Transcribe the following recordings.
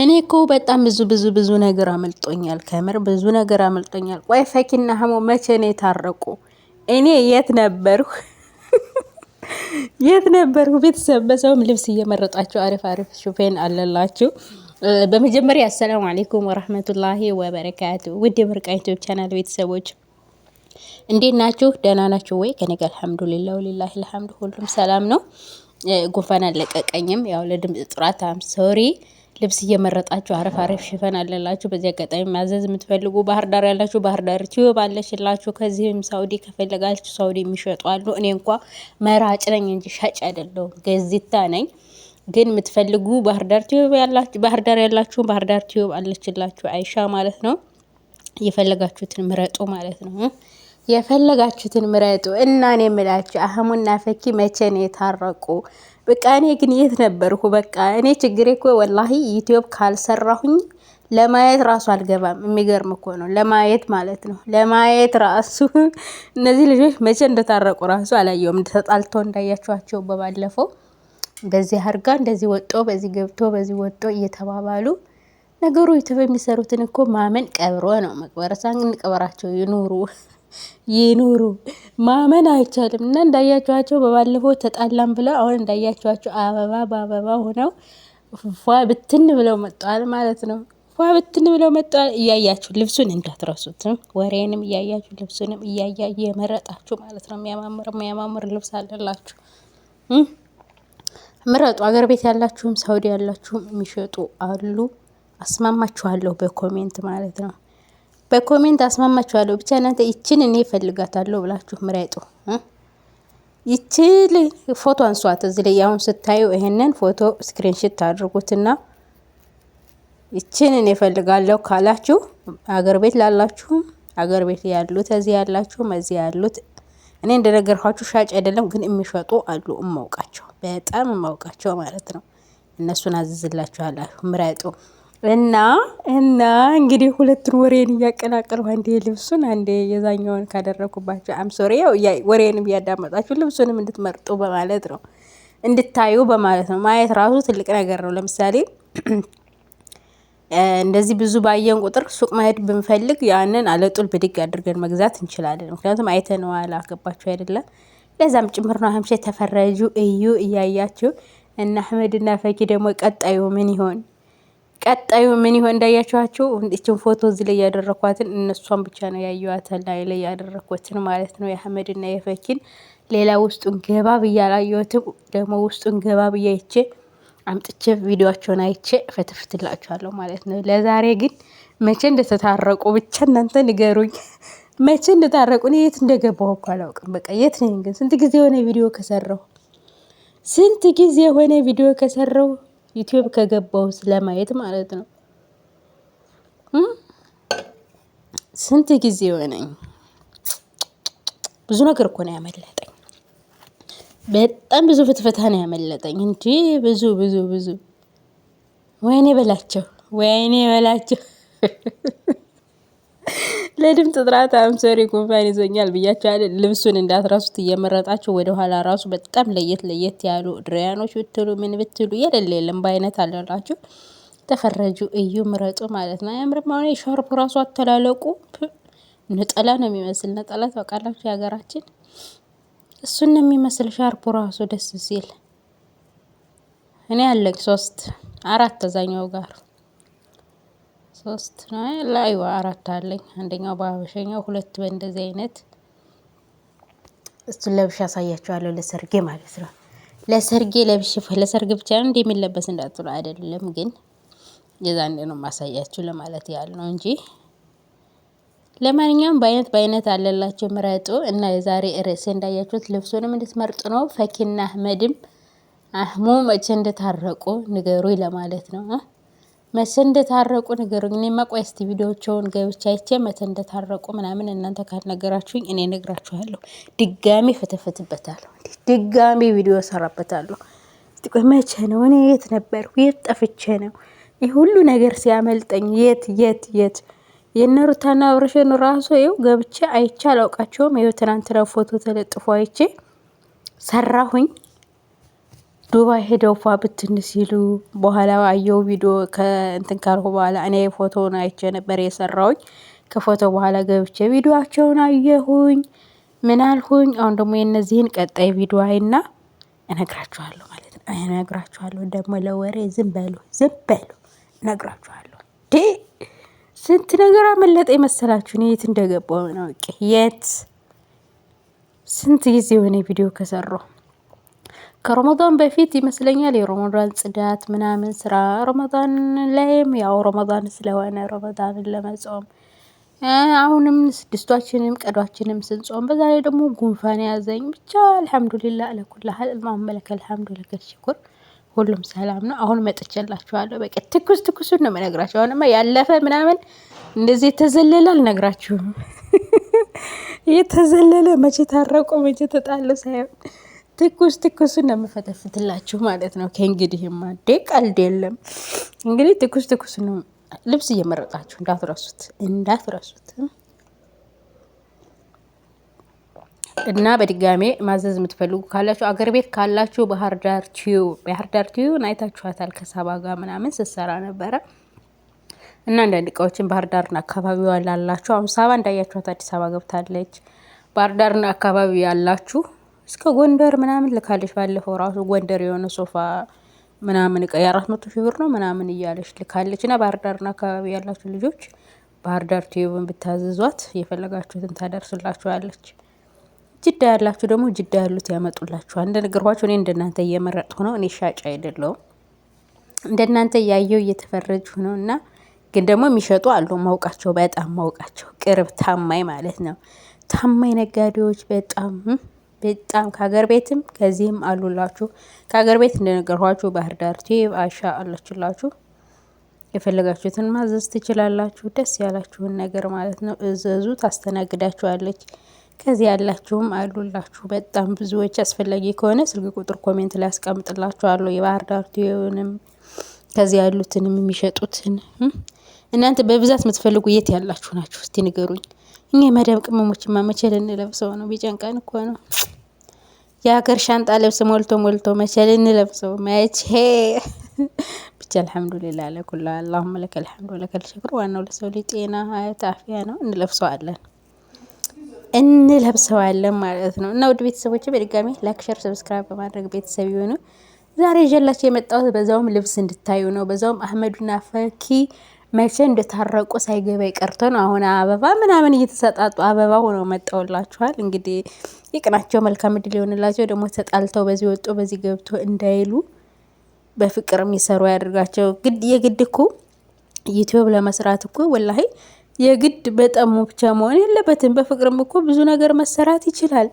እኔ እኮ በጣም ብዙ ብዙ ብዙ ነገር አመልጦኛል። ከምር ብዙ ነገር አመልጦኛል። ቆይ ፈኪና ሀሞ መቼ ነው የታረቁ? እኔ የት ነበርኩ? የት ነበርኩ? ቤተሰብ በሰውም ልብስ እየመረጣችሁ አሪፍ አሪፍ ሹፌን አለላችሁ። በመጀመሪያ አሰላሙ አሌይኩም ወረህመቱላሂ ወበረካቱ ውድ ዩቱብ ቻናል ቤተሰቦች እንዴት ናችሁ? ደህና ናችሁ ወይ? ከኔ ጋር አልሐምዱሊላ ወሊላ ልሐምዱ ሁሉም ሰላም ነው። ጉንፋን አለቀቀኝም። ያው ለድምፅ ጥራት አም ሶሪ ልብስ እየመረጣችሁ አረፍ አረፍ ሽፈን አለላችሁ። በዚህ አጋጣሚ ማዘዝ የምትፈልጉ ባህር ዳር ያላችሁ ባህር ዳር ቲዩብ አለችላችሁ። ከዚህም ሳውዲ ከፈለጋችሁ ሳውዲ የሚሸጡ አሉ። እኔ እንኳ መራጭ ነኝ እንጂ ሻጭ አይደለሁም፣ ገዝታ ነኝ። ግን የምትፈልጉ ባህር ዳር ቲዩብ ያላችሁ ባህር ዳር ያላችሁ ባህር ዳር ቲዩብ አለችላችሁ። አይሻ ማለት ነው። የፈለጋችሁትን ምረጡ ማለት ነው። የፈለጋችሁትን ምረጡ እናን የምላችሁ አህሙና ፈኪ መቼ ነው የታረቁ? በቃ እኔ ግን የት ነበርኩ? በቃ እኔ ችግሬ እኮ ወላሂ ዩትዮብ ካልሰራሁኝ ለማየት ራሱ አልገባም። የሚገርም እኮ ነው ለማየት ማለት ነው ለማየት ራሱ እነዚህ ልጆች መቼ እንደታረቁ ራሱ አላየውም። እንደተጣልቶ እንዳያችኋቸው በባለፈው በዚህ አርጋ እንደዚህ ወጦ በዚህ ገብቶ በዚህ ወጦ እየተባባሉ ነገሩ ዩቲዩብ የሚሰሩትን እኮ ማመን ቀብሮ ነው መቅበረሳ እንቅበራቸው ይኑሩ። ይኑሩ። ማመን አይቻልም። እና እንዳያቸዋቸው በባለፈው ተጣላም ብለው አሁን እንዳያቸዋቸው አበባ በአበባ ሆነው ፏ ብትን ብለው መጠዋል ማለት ነው። ፏ ብትን ብለው መጠዋል። እያያችሁ ልብሱን እንዳትረሱትም ወሬንም እያያችሁ ልብሱንም እያያ እየመረጣችሁ ማለት ነው። የሚያማምር የሚያማምር ልብስ አለላችሁ ምረጡ። አገር ቤት ያላችሁም ሳውዲ ያላችሁም የሚሸጡ አሉ። አስማማችኋለሁ በኮሜንት ማለት ነው። በኮሜንት አስማማችኋለሁ። ብቻ እናንተ ይችን እኔ እፈልጋታለሁ ብላችሁ ምረጡ። ይችል ፎቶ አንሷት። እዚህ ላይ አሁን ስታዩ ይሄንን ፎቶ ስክሪንሽት አድርጉትና ይችን እኔ እፈልጋለሁ ካላችሁ አገር ቤት ላላችሁም አገር ቤት ያሉት እዚህ ያላችሁም እዚህ ያሉት እኔ እንደነገርኳችሁ ሻጭ አይደለም፣ ግን የሚሸጡ አሉ። እማውቃቸው በጣም እማውቃቸው ማለት ነው። እነሱን አዝዝላችኋለሁ፣ ምረጡ። እና እና እንግዲህ ሁለቱን ወሬን እያቀላቀሉ አንዴ ልብሱን አንዴ የዛኛውን ካደረኩባቸው አምሶሪ ያው ወሬንም እያዳመጣችሁ ልብሱንም እንድትመርጡ በማለት ነው እንድታዩ በማለት ነው። ማየት ራሱ ትልቅ ነገር ነው። ለምሳሌ እንደዚህ ብዙ ባየን ቁጥር ሱቅ መሄድ ብንፈልግ ያንን አለጡል ብድግ አድርገን መግዛት እንችላለን። ምክንያቱም አይተነዋል። አገባችሁ አይደለም? ለዛም ጭምር ነው ሀምሻ ተፈረጁ እዩ እያያችሁ እና አህመድ እና ፈኪ ደግሞ ቀጣዩ ምን ይሆን ቀጣዩ ምን ይሆን እንዳያችኋቸው፣ እችን ፎቶ እዚህ ላይ ያደረኳትን እነሷን ብቻ ነው ያየዋትና ላይ ያደረኩትን ማለት ነው የአህመድና የፈኪን። ሌላ ውስጡን ገባ ብዬ አላየሁትም። ደግሞ ውስጡን ገባ ብዬ አይቼ አምጥቼ ቪዲዮቸውን አይቼ ፈትፍትላችኋለሁ ማለት ነው። ለዛሬ ግን መቼ እንደተታረቁ ብቻ እናንተ ንገሩኝ። መቼ እንደታረቁ እኔ የት እንደገባሁ እኮ አላውቅም። በቃ የት ነኝ ግን? ስንት ጊዜ የሆነ ቪዲዮ ከሰራሁ ስንት ጊዜ የሆነ ቪዲዮ ከሰራሁ ዩቲዩብ ከገባው ስለማየት ማለት ነው። ስንት ጊዜ የሆነኝ ብዙ ነገር እኮ ነው ያመለጠኝ። በጣም ብዙ ፍትፍታ ነው ያመለጠኝ እንጂ ብዙ ብዙ ብዙ ወይኔ በላቸው፣ ወይኔ በላቸው። ለድምፅ ጥራት አምሰሪ ጉንፋን ይዞኛል ብያቸዋል። ልብሱን እንዳትረሱት እየመረጣቸው ወደኋላ ራሱ በጣም ለየት ለየት ያሉ ድሪያኖች ብትሉ ምን ብትሉ የሌለ የለም በአይነት አለላችሁ። ተፈረጁ፣ እዩ፣ ምረጡ ማለት ነው። ያምር ሆነ የሻርፕ ራሱ አተላለቁ ነጠላ ነው የሚመስል ነጠላ ታውቃላችሁ፣ የሀገራችን እሱን ነው የሚመስል ሻርፑ ራሱ ደስ ሲል እኔ ያለኝ ሶስት አራት ተዛኛው ጋር ሶስት ላይ አራት አለኝ። አንደኛው በሀበሸኛው ሁለት በእንደዚህ አይነት እሱን ለብሼ አሳያችኋለሁ ለሰርጌ ማለት ነው። ለሰርጌ ለብሼ ለሰርግ ብቻ ነው እንደ የሚለበስ እንዳትሉ አይደለም፣ ግን የዛን ነው ማሳያችሁ ለማለት ያህል ነው እንጂ ለማንኛውም በአይነት በአይነት አለላቸው ምረጡ። እና የዛሬ ርዕሴ እንዳያችሁት ልብሱንም እንድትመርጡ ነው። ፈኪና አህመድም አህሙ መቼ እንደታረቁ ንገሩኝ ለማለት ነው። መቼ እንደታረቁ ንገሩኝ። እኔ ቆይ እስቲ ቪዲዮቸውን ገብቼ አይቼ መቼ እንደታረቁ ምናምን እናንተ ካልነገራችሁኝ እኔ እነግራችኋለሁ። ድጋሚ ፈተፈትበታለሁ፣ ድጋሚ ቪዲዮ ሰራበታለሁ። መቼ ነው? እኔ የት ነበርኩ? የት ጠፍቼ ነው ይህ ሁሉ ነገር ሲያመልጠኝ? የት የት የት የነሩታና አብረሽን ራሱ ይው ገብቼ አይቼ አላውቃቸውም። ይው ትናንትና ፎቶ ተለጥፎ አይቼ ሰራሁኝ። ዱባይ ሄደው ፏ ብትን ሲሉ በኋላ አየው ቪዲዮ ከእንትን ካልኩ በኋላ እኔ ፎቶውን አይቼ ነበር የሰራውኝ። ከፎቶ በኋላ ገብቼ ቪዲዮቸውን አየሁኝ ምን አልሁኝ። አሁን ደግሞ የእነዚህን ቀጣይ ቪዲዮ አይና እነግራችኋለሁ ማለት ነው። እነግራችኋለሁ ደግሞ ለወሬ ዝም በሉ ዝም በሉ እነግራችኋለሁ። ዴ ስንት ነገር አመለጠ የመሰላችሁ እኔ የት እንደገባሁ ነው። የት ስንት ጊዜ የሆነ ቪዲዮ ከሰራሁ ከረመዳን በፊት ይመስለኛል የረመዳን ጽዳት ምናምን ስራ ረመዳን ላይም ያው ረመዳን ስለሆነ ረመዳንን ለመጾም አሁንም ስድስቷችንም ቀዷችንም ስንጾም በዛ ላይ ደግሞ ጉንፋን ያዘኝ። ብቻ አልሐምዱሊላ ሀል ማመለከ አልሐምዱሊላህ ሽኩር ሁሉም ሰላም ነው። አሁን መጥቼላችኋለሁ። በቃ ትኩስ ትኩሱን ነው መነግራችሁ። አሁንማ ያለፈ ምናምን እንደዚህ የተዘለለ አልነግራችሁም። የተዘለለ መቼ ታረቁ መቼ ተጣለ ሳይሆን ትኩስ ትኩስ እንደምፈተፍትላችሁ ማለት ነው። ከእንግዲህ ማዴ ቀልድ የለም። እንግዲህ ትኩስ ትኩስ ነው። ልብስ እየመረጣችሁ እንዳትረሱት እንዳትረሱት እና በድጋሜ ማዘዝ የምትፈልጉ ካላችሁ አገር ቤት ካላችሁ ባህር ዳር ቲዩ ባህር ዳር ቲዩን አይታችኋታል። ከሳባ ጋር ምናምን ስትሰራ ነበረ እና አንዳንድ እቃዎችን ባህር ዳርና አካባቢዋ ላላችሁ አሁን ሰባ እንዳያችኋት አዲስ አበባ ገብታለች። ባህር ዳርና አካባቢ ያላችሁ እስከ ጎንደር ምናምን ልካለች። ባለፈው ራሱ ጎንደር የሆነ ሶፋ ምናምን እቃ የአራት መቶ ሺህ ብር ነው ምናምን እያለች ልካለች። እና ባህር ዳርና አካባቢ ያላችሁ ልጆች ባህር ዳር ቲዩብን ብታዘዟት የፈለጋችሁትን ታደርስላችኋለች። ጅዳ ያላችሁ ደግሞ ጅዳ ያሉት ያመጡላችኋል። እንደነገርኳችሁ እኔ እንደናንተ እየመረጥኩ ነው። እኔ ሻጭ አይደለሁም። እንደናንተ እያየው እየተፈረጅኩ ነው እና ግን ደግሞ የሚሸጡ አሉ ማውቃቸው፣ በጣም ማውቃቸው ቅርብ ታማኝ ማለት ነው ታማኝ ነጋዴዎች በጣም በጣም ከሀገር ቤትም ከዚህም አሉላችሁ። ከሀገር ቤት እንደነገርኋችሁ ባህር ዳር ቲዩብ አሻ አለችላችሁ። የፈለጋችሁትን ማዘዝ ትችላላችሁ። ደስ ያላችሁን ነገር ማለት ነው እዘዙ፣ ታስተናግዳችኋለች። ከዚህ ያላችሁም አሉላችሁ። በጣም ብዙዎች አስፈላጊ ከሆነ ስልክ ቁጥር ኮሜንት ላይ አስቀምጥላችኋለሁ። የባህር ዳር ቲዩብንም ከዚህ ያሉትንም የሚሸጡትን እናንተ በብዛት የምትፈልጉ የት ያላችሁ ናችሁ? እስቲ ንገሩኝ። እኛ የመዳብ ቅመሞችማ ማመቸል እንለብሰው ነው? ቢጨንቀን እኮ ነው። የሀገር ሻንጣ ልብስ ሞልቶ ሞልቶ መቼ ልንለብሰው? መቼ ብቻ አልሐምዱሊላ ለኩላ አላሁመ ለከ ልሐምዱ ለከ ልሽክር። ዋናው ለሰው ልጅ ጤና ሀያት አፍያ ነው። እንለብሰዋለን እንለብሰዋለን ማለት ነው። እና ውድ ቤተሰቦች በድጋሚ ላይክ፣ ሸር፣ ሰብስክራይብ በማድረግ ቤተሰብ የሆኑ ዛሬ ይዤላችሁ የመጣሁት በዛውም ልብስ እንድታዩ ነው። በዛውም አህመዱና ፈኪ መቼ እንደታረቁ ሳይገባ ይቀርቶ ነው። አሁን አበባ ምናምን እየተሰጣጡ አበባ ሆኖ መጠውላችኋል። እንግዲህ ይቅናቸው፣ መልካም እድል ይሆንላቸው። ደግሞ ተጣልተው በዚህ ወጡ በዚህ ገብቶ እንዳይሉ በፍቅር የሚሰሩ ያደርጋቸው። የግድ እኮ ዩቲዩብ ለመስራት እኮ ወላሂ የግድ በጠሙ ብቻ መሆን የለበትም። በፍቅርም እኮ ብዙ ነገር መሰራት ይችላል።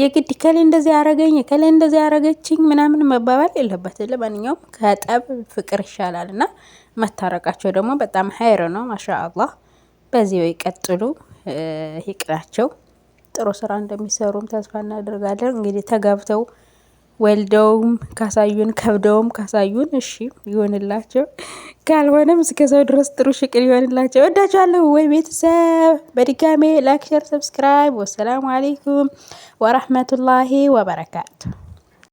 የግድ ከሌ እንደዚህ ያረገኝ ከሌ እንደዚህ ያረገችኝ ምናምን መባባል የለበትም። ለማንኛውም ከጠብ ፍቅር ይሻላል እና መታረቃቸው ደግሞ በጣም ሀይር ነው። ማሻአላህ ቀጥሉ ይቀጥሉ፣ ይቅናቸው። ጥሩ ስራ እንደሚሰሩም ተስፋ እናደርጋለን። እንግዲህ ተጋብተው ወልደውም ካሳዩን ከብደውም ካሳዩን እሺ ይሆንላቸው፣ ካልሆነም እስከ ሰው ድረስ ጥሩ ሽቅል ይሆንላቸው። እወዳችኋለሁ ወይ ቤተሰብ። በድጋሜ ላይክ፣ ሸር፣ ሰብስክራይብ። ወሰላሙ አሌይኩም ወረህመቱላሂ ወበረካቱ